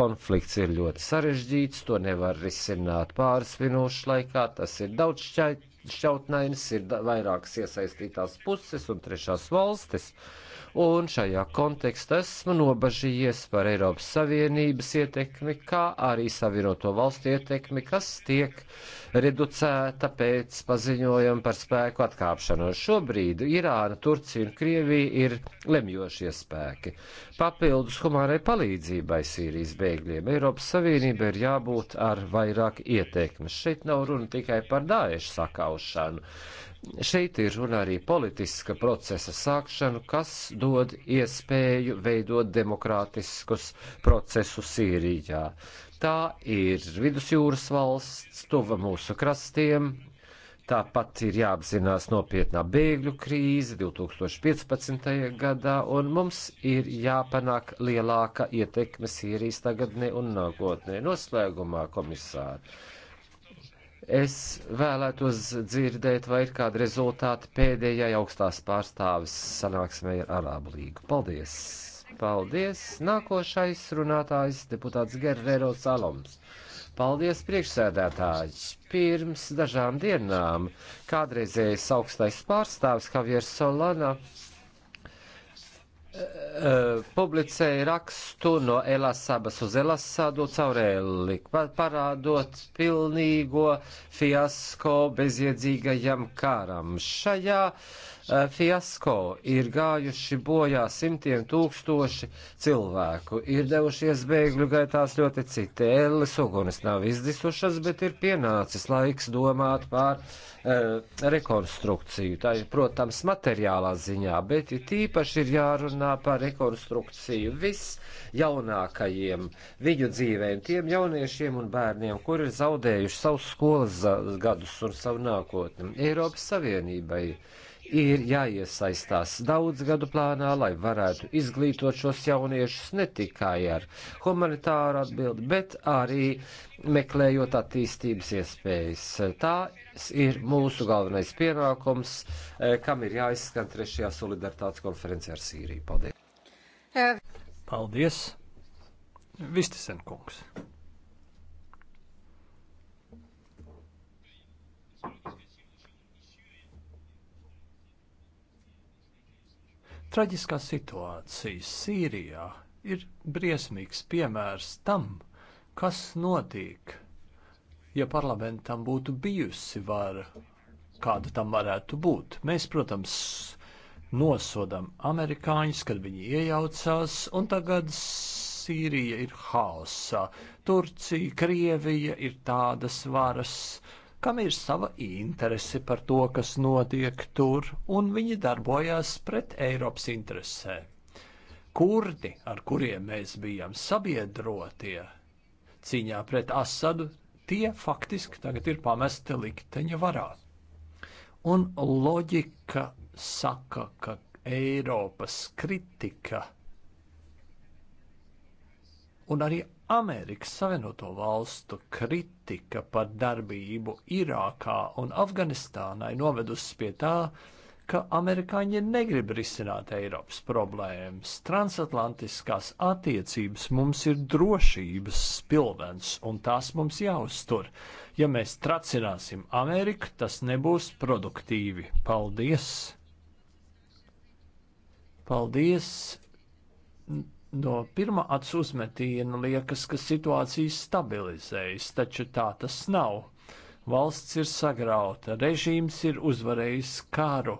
C: konflikts ir ļoti sarežģīts, to nevar risināt pāris minūšu laikā, tas ir daudz šķaitīgi šķautnainas, ir vairākas iesaistītās puses un trešās valstis. Uh, un šajā kontekstā esmu nobažījies par Eiropas Savienības ietekmi, kā arī Savienoto valstu ietekmi, kas tiek reducēta pēc paziņojuma par spēku atkāpšanos. Šobrīd Irāna, Turcija un Krievija ir lemjošie spēki. Papildus humārai palīdzībai Sīrijas bēgļiem Eiropas Savienība ir jābūt ar vairāk ietekmes. Šeit nav runa tikai par Dāešu sakaušanu. Šeit ir runa arī politiska procesa sākšanu, kas dod iespēju veidot demokrātiskus procesus Sīrijā. Tā ir vidusjūras valsts, tuva mūsu krastiem, Tāpat ir jāapzinās nopietnā bēgļu krīze 2015. gadā, un mums ir jāpanāk lielāka ietekme Sīrijas tagadnē un nākotnē. Noslēgumā, komisāri, Es vēlētos dzirdēt, vai ir kādi rezultāti pēdējai augstās pārstāvis sanāksmē ar Arābu līgu. Paldies! Paldies! Nākošais runātājs deputāts Gerrero Saloms. Paldies, priekšsēdētājs! Pirms dažām dienām kādreizējais augstais pārstāvis Javiers Solana publicēja rakstu no Elasabas uz Elasadu caur Eliku, parādot pilnīgo fiasko bezjēdzīgajam kāram. Šajā uh, Eh, fiasko. Ir gājuši bojā simtiem tūkstoši cilvēku, ir devušies bēgļu gaitās ļoti citi. Elles ugunis nav izdisušas, bet ir pienācis laiks domāt pār uh, eh, rekonstrukciju. Tā ir, protams, materiālā ziņā, bet ir tīpaši ir jārunā par rekonstrukciju viss jaunākajiem viņu dzīvēm, tiem jauniešiem un bērniem, kur ir zaudējuši savus skolas gadus un savu nākotni. Eiropas Savienībai. Uh, ir jāiesaistās daudz gadu plānā, lai varētu izglītot šos jauniešus ne tikai ar humanitāru atbildi, bet arī meklējot attīstības iespējas. Tās ir mūsu galvenais pienākums, eh, kam ir jāizskan trešajā solidaritātes konferencē ar Sīriju.
B: Paldies!
A: Paldies! Vistisen kungs! Thank you. Traģiskā situācija Sīrijā ir briesmīgs piemērs tam, kas notiek, ja parlamentam būtu bijusi vara, kāda tam varētu būt. Mēs, protams, nosodam amerikāņus, kad viņi iejaucās, un tagad Sīrija ir haosā. Turcija, Krievija ir tādas varas, uh, kam ir sava interese par to, kas notiek tur, un viņi darbojās pret Eiropas interesēm. Kurdi, ar kuriem mēs bijām sabiedrotie cīņā pret Asadu, tie faktiski tagad ir pamesti likteņa varā. Un loģika saka, ka Eiropas kritika un arī Amerikas Savienoto Valstu kritika par darbību Irākā un Afganistānai novedusi pie tā, ka amerikāņi negrib risināt Eiropas problēmas. Transatlantiskās attiecības mums ir drošības spilvens, un tās mums jāuztur. Ja mēs tracināsim Ameriku, tas nebūs produktīvi. Paldies! Paldies No pirmā acu uzmetiena liekas, ka situācija stabilizējas, taču tā tas nav. Valsts ir sagrauta, režīms ir uzvarējis kāru,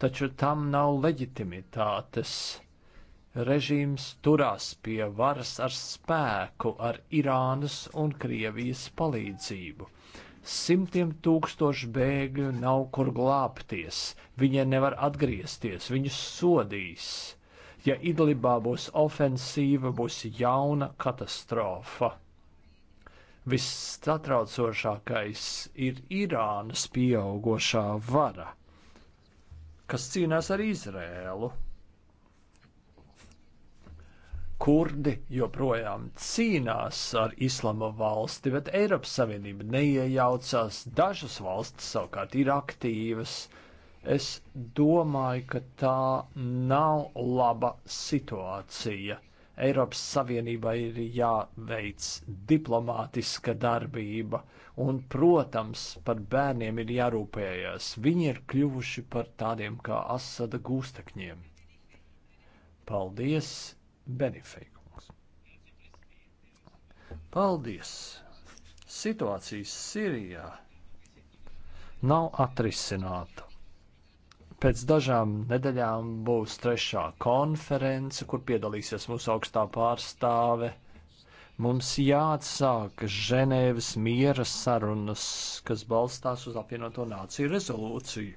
A: taču tam nav leģitimitātes. Režīms turās pie varas ar spēku, ar Irānas un Krievijas palīdzību simtiem tūkstošu bēgļu nav kur glābties, viņi nevar atgriezties, viņus sodīs. Ja Idlibā būs ofensīva, būs jauna katastrofa. Viss satraucošākais ir Irānas pieaugošā vara, kas cīnās ar Izrēlu kurdi joprojām cīnās ar islama valsti, bet Eiropas Savienība neiejaucās. Dažas valstis savukārt ir aktīvas, Es domāju, ka tā nav laba situācija. Eiropas Savienībai ir jāveic diplomātiska darbība, un, protams, par bērniem ir jārūpējas. Viņi ir kļuvuši par tādiem kā asada gūstekņiem. Paldies, Benifeikungs! Paldies! Situācija Sirijā nav atrisināta Pēc dažām nedēļām būs trešā konference, kur piedalīsies mūsu augstā pārstāve. Mums jāatsāk Ženēvas miera sarunas, kas balstās uz apvienoto nāciju rezolūciju.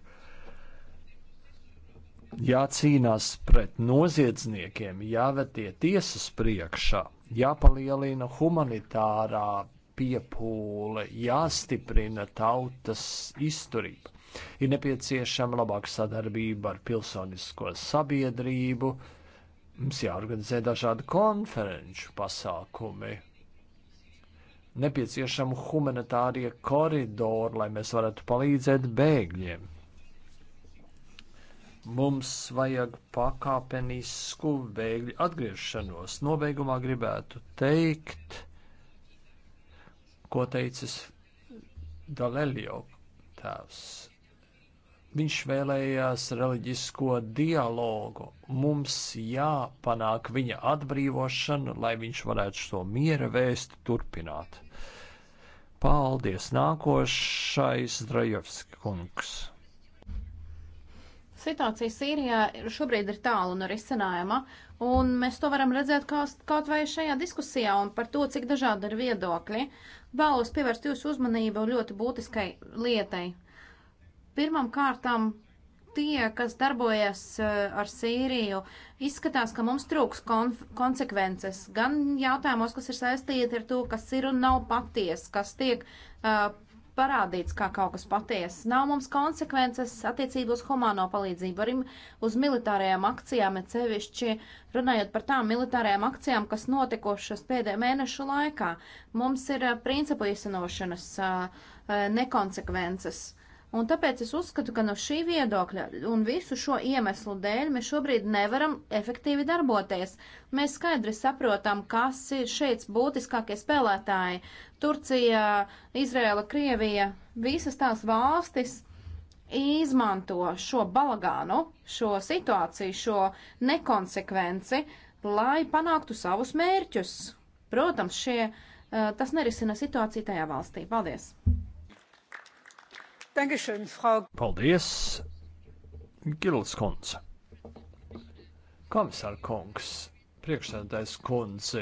A: Jācīnās pret noziedzniekiem, jāved tie tiesas priekšā, jāpalielina humanitārā piepūle, jāstiprina tautas izturība Ir nepieciešama labāka sadarbība ar pilsonisko sabiedrību. Mums jāorganizē dažādi konferenču pasākumi. Nepieciešama humanitārie koridori, lai mēs varētu palīdzēt bēgļiem. Mums vajag pakāpenisku bēgļu atgriešanos. Nobeigumā gribētu teikt, ko teicis Dalelio tēvs. Viņš vēlējās reliģisko dialogu. Mums jāpanāk viņa atbrīvošana, lai viņš varētu šo miera vēstu turpināt. Paldies! Nākošais Drajevski kungs.
B: Situācija Sīrijā šobrīd ir tālu no risinājuma, un mēs to varam redzēt kaut vai šajā diskusijā un par to, cik dažādi ir viedokļi. Vēlos pievērst jūsu uzmanību ļoti būtiskai lietai. Pirmam kārtām tie, kas darbojas eh, ar Sīriju, izskatās, ka mums trūks konsekvences gan jautājumos, kas ir saistīti ar to, kas ir un nav paties, kas tiek uh, parādīts kā kaut kas paties. Nav mums konsekvences attiecībā uz humāno palīdzību, arī uz militārajām akcijām, et sevišķi runājot par tām militārajām akcijām, kas notikušas pēdējā mēnešu laikā. Mums ir uh, principu īstenošanas uh, nekonsekvences. Uh, Un tāpēc es uzskatu, ka no šī viedokļa un visu šo iemeslu dēļ mēs šobrīd nevaram efektīvi darboties. Mēs skaidri saprotam, kas ir šeit būtiskākie spēlētāji - Turcija, Izrēla, Krievija, visas tās valstis izmanto šo balagānu, šo situāciju, šo nekonsekvenci, lai panāktu savus mērķus. Protams, šie, eh, tas nerisina situāciju tajā valstī. Paldies!
C: Dankeschön, Frau.
A: Paldies, Gils kundze. Komisār kungs, priekšsēdētājs kundze,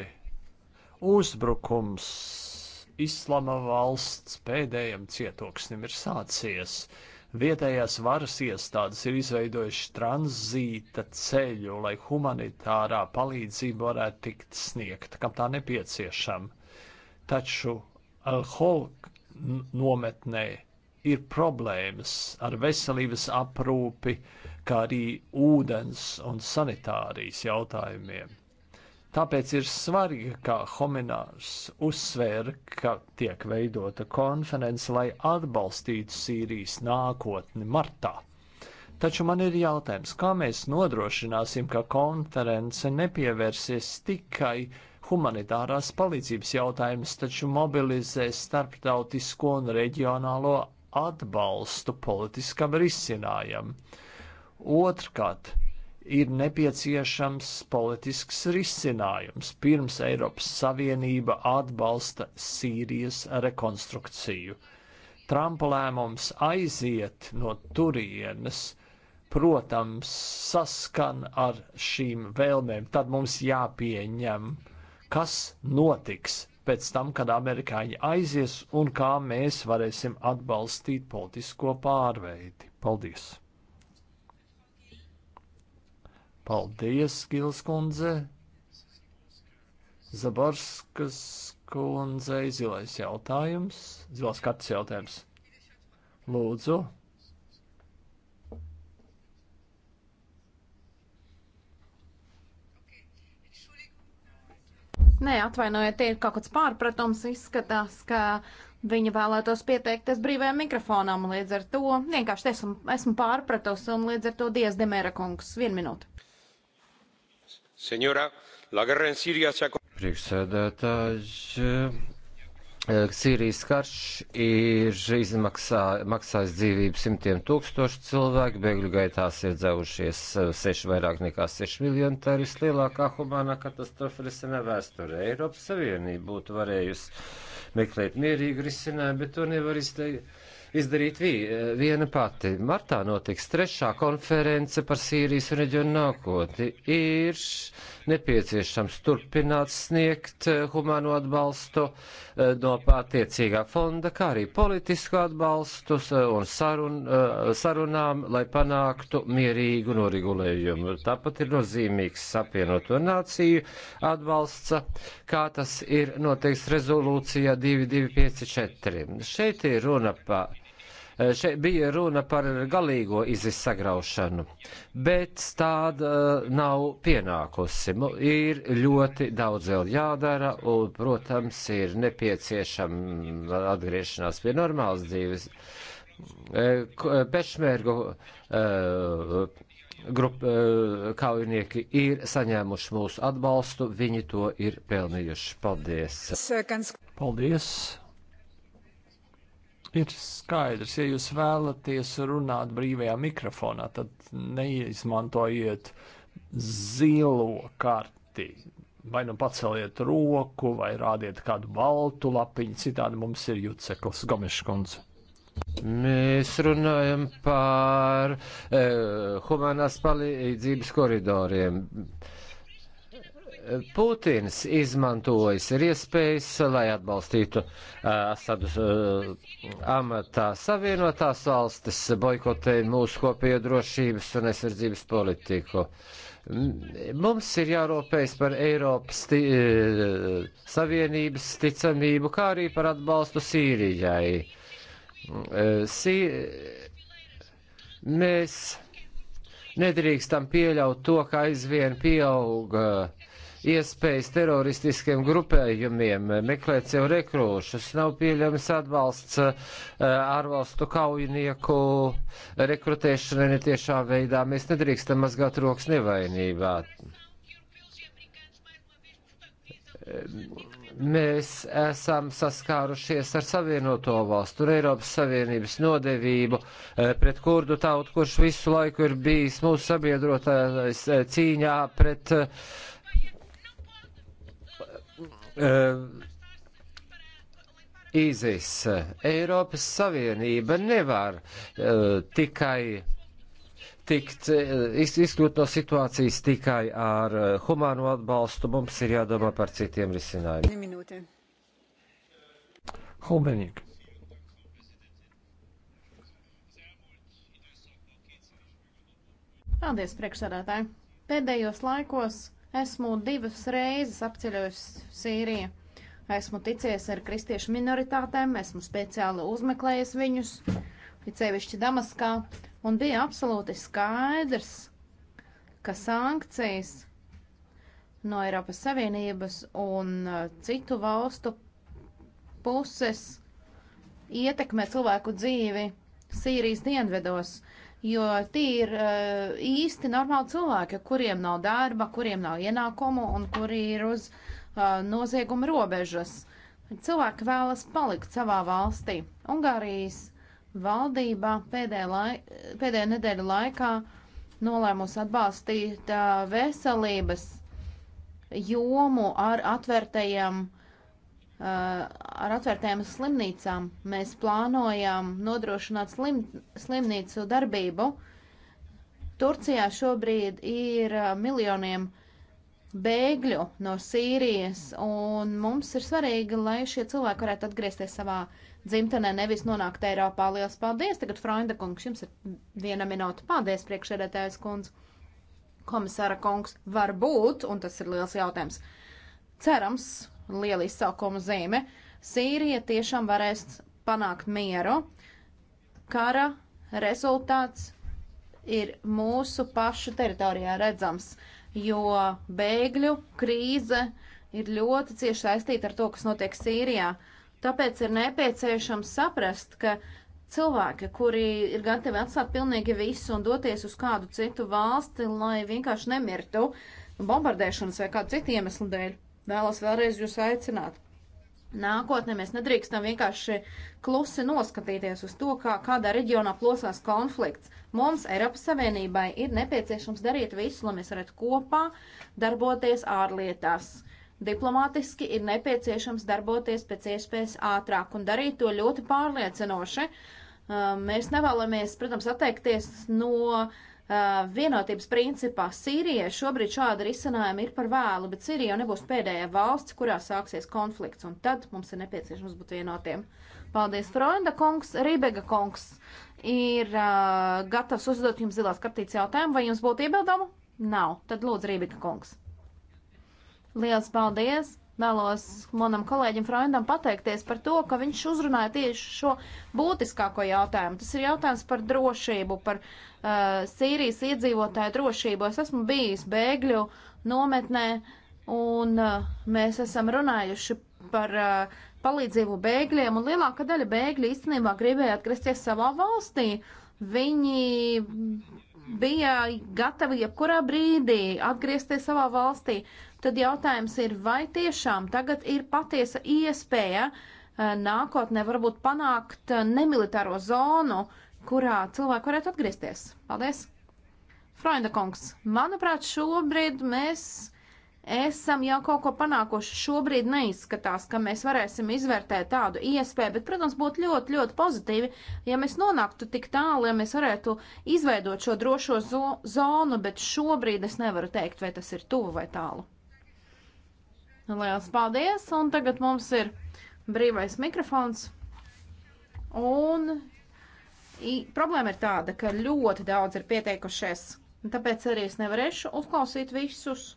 A: uzbrukums Islama valsts pēdējam cietoksnim ir sācies. Vietējās varas iestādes ir izveidojuši tranzīta ceļu, lai humanitārā palīdzība varētu tikt sniegta, kam tā nepieciešama. Taču Alholk nometnē ir problēmas ar veselības aprūpi, kā arī ūdens un sanitārijas jautājumiem. Tāpēc ir svarīgi, kā Hominārs uzsver, ka tiek veidota konference, lai atbalstītu Sīrijas nākotni martā. Taču man ir jautājums, kā mēs nodrošināsim, ka konference nepievērsies tikai humanitārās palīdzības jautājumus, taču mobilizēs starptautisko un reģionālo atbalstu politiskam risinājam. Otrkārt, ir nepieciešams politisks risinājums, pirms Eiropas Savienība atbalsta Sīrijas rekonstrukciju. Trumpa lēmums aiziet no turienes, protams, saskan ar šīm vēlmēm. Tad mums jāpieņem, kas notiks pēc tam, kad amerikāņi aizies un kā mēs varēsim atbalstīt politisko pārveidi. Paldies! Paldies, Gils kundze! Zaborskas kundze, zilais jautājums, zilās kartas jautājums. Lūdzu!
B: Nē, atvainojiet, tie ir kaut kāds pārpratums. Izskatās, ka viņa vēlētos pieteikties brīvajam mikrofonam. Līdz ar to vienkārši esmu, esmu pārpratusi un līdz ar to Dievs Demēra kungs. Vienu minūti.
C: Senora, la guerra en Siria se ha... Priekšsēdētājs. Eh, Sīrijas karš ir izmaksājis dzīvību simtiem tūkstošu cilvēku, bēgļu gaitās ir dzēvušies eh, seši vairāk nekā seši miljoni. Tā ir vislielākā humānā katastrofa risinā vēsturē. Eiropas Savienība būtu varējusi meklēt mierīgu risinājumu, bet to nevar izteikt izdarīt viena pati. Martā notiks trešā konference par Sīrijas reģionu nākotni. Ir nepieciešams turpināt sniegt eh, humano atbalstu eh, no attiecīgā fonda, kā arī politisku atbalstu eh, un sarun, sarunām, lai panāktu mierīgu noregulējumu. Tāpat ir nozīmīgs apvienoto nāciju atbalsts, kā tas ir noteikts rezolūcijā 2254. Šeit ir runa par Eh, Šeit bija runa par galīgo izis sagraušanu, bet tāda eh, nav pienākusi. Ir ļoti daudz vēl jādara, un, protams, ir nepieciešama atgriešanās pie normālas dzīves. Eh, Pešmērgu grupu kaujinieki ir saņēmuši mūsu atbalstu, viņi
A: to ir pelnījuši. Paldies! Paldies! ir skaidrs, ja jūs vēlaties runāt brīvajā mikrofonā, tad neizmantojiet zilo karti. Vai nu paceliet roku, vai rādiet kādu baltu lapiņu, citādi mums ir juceklis Gomeškunds.
C: Mēs runājam par e, humanās palīdzības koridoriem. E, Putins izmantojis ir iespējas, lai atbalstītu uh, Asadu uh, amatā savienotās valstis, boikotēja mūsu kopējo drošības un aizsardzības politiku. Mums ir jārūpējas par Eiropas sti uh, Savienības ticamību, kā arī par atbalstu Sīrijai. Uh, Sī mēs nedrīkstam pieļaut to, ka aizvien pieauga iespējas teroristiskiem grupējumiem meklēt sev rekrūšus, nav pieļams atbalsts eh, ārvalstu kaujinieku rekrutēšanai netiešā veidā. Mēs nedrīkstam mazgāt rokas nevainībā. Mēs esam saskārušies ar Savienoto valstu un Eiropas Savienības nodevību eh, pret kurdu tautu, kurš visu laiku ir bijis mūsu sabiedrotājs eh, cīņā pret uh, Īzis, eh, Eiropas Savienība nevar uh, tikai tikt, eh, iz, izkļūt no situācijas tikai ar humāno atbalstu. Mums ir jādomā par citiem risinājumiem. Holbenīgi.
B: Paldies, priekšsēdētāji! Pēdējos laikos Esmu divas reizes apceļojis Sīriju. Esmu ticies ar kristiešu minoritātēm, esmu speciāli uzmeklējis viņus, ir sevišķi Damaskā, un bija absolūti skaidrs, ka sankcijas no Eiropas Savienības un uh, citu valstu puses ietekmē cilvēku dzīvi Sīrijas dienvedos jo tie ir eh, īsti normāli cilvēki, kuriem nav darba, kuriem nav ienākumu un kuri ir uz eh, nozieguma robežas. Cilvēki vēlas palikt savā valstī. Ungārijas valdība pēdējā, lai, pēdējā nedēļa laikā nolēmusi atbalstīt eh, veselības jomu ar atvērtajiem uh, Uh, ar atvērtām slimnīcām. Mēs plānojam nodrošināt slim, slimnīcu darbību. Turcijā šobrīd ir uh, miljoniem bēgļu no Sīrijas, un mums ir svarīgi, lai šie cilvēki varētu atgriezties savā dzimtenē, nevis nonākt Eiropā. Lielas paldies! Tagad, Freunde kungs, jums ir viena minūte. Paldies, priekšsēdētājs kundze! Komisāra kungs var būt, un tas ir liels jautājums. Cerams, liela izsaukuma zīme. Sīrija tiešām varēs panākt mieru. Kara rezultāts ir mūsu pašu teritorijā redzams, jo bēgļu krīze ir ļoti cieši saistīta ar to, kas notiek Sīrijā. Tāpēc ir nepieciešams saprast, ka cilvēki, kuri ir gatavi atstāt pilnīgi visu un doties uz kādu citu valsti, lai vienkārši nemirtu bombardēšanas vai kādu citu iemeslu dēļ, Vēlos vēlreiz jūs aicināt. Nākotnē mēs nedrīkstam vienkārši klusi noskatīties uz to, kā kādā reģionā plosās konflikts. Mums, Eiropas Savienībai, ir nepieciešams darīt visu, lai mēs varētu kopā darboties ārlietās. Diplomātiski ir nepieciešams darboties pēc iespējas ātrāk un darīt to ļoti pārliecinoši. Uh, mēs nevēlamies, protams, atteikties no uh, Uh, vienotības principā Sīrijai šobrīd šāda risinājuma ir par vēlu, bet Sīrija jau nebūs pēdējā valsts, kurā sāksies konflikts, un tad mums ir nepieciešams būt vienotiem. Paldies, Freunda kungs, Rībega kungs ir uh, gatavs uzdot jums zilās kartītes jautājumu, vai jums būtu iebildumu? Nav. Tad lūdzu, Rībega kungs. Liels paldies! Vēlos manam kolēģim Freundam pateikties par to, ka viņš uzrunāja tieši šo būtiskāko jautājumu. Tas ir jautājums par drošību, par uh, Sīrijas iedzīvotāju drošību. Es esmu bijis bēgļu nometnē un uh, mēs esam runājuši par uh, palīdzību bēgļiem, un lielākā daļa bēgļu īstenībā gribēja atgriezties savā valstī. Viņi bija gatavi jebkurā brīdī atgriezties savā valstī, tad jautājums ir, vai tiešām tagad ir patiesa iespēja eh, nākotnē varbūt panākt eh, nemilitāro zonu, kurā cilvēki varētu atgriezties. Paldies! Freunda kungs, manuprāt, šobrīd mēs esam jau kaut ko panākuši. Šobrīd neizskatās, ka mēs varēsim izvērtēt tādu iespēju, bet, protams, būtu ļoti, ļoti pozitīvi, ja mēs nonāktu tik tālu, ja mēs varētu izveidot šo drošo zo zonu, bet šobrīd es nevaru teikt, vai tas ir tuvu vai tālu. Lielas paldies, un tagad mums ir brīvais mikrofons. Un I, problēma ir tāda, ka ļoti daudz ir pieteikušies, tāpēc arī es nevarēšu uzklausīt visus.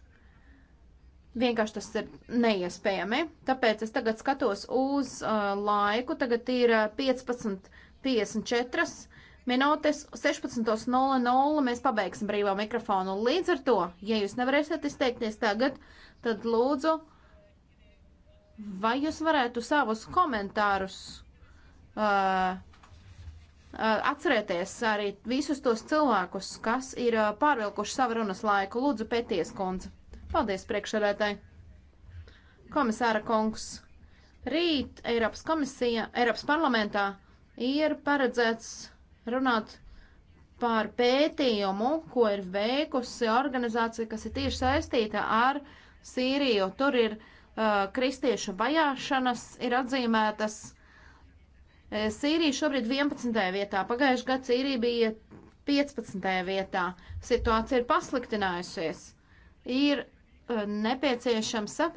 B: Vienkārši tas ir neiespējami. Tāpēc es tagad skatos uz uh, laiku. Tagad ir 15.54 uh, minūtes, 16.00 mēs pabeigsim brīvā mikrofonu. Līdz ar to, ja jūs nevarēsiet izteikties tagad, tad lūdzu, vai jūs varētu savus komentārus uh, uh atcerēties arī visus tos cilvēkus, kas ir uh, pārvilkuši savu runas laiku. Lūdzu, pēties, kundze. Paldies, priekšsēdētāji! Komisāra kungs, rīt Eiropas komisija, Eiropas parlamentā ir paredzēts runāt par pētījumu, ko ir veikusi organizācija, kas ir tieši saistīta ar Sīriju. Tur ir uh, kristiešu vajāšanas, ir atzīmētas. E, Sīrija šobrīd 11. vietā, pagājušajā gadā Sīrija bija 15. vietā. Situācija ir pasliktinājusies. Ir nepieciešams saprast,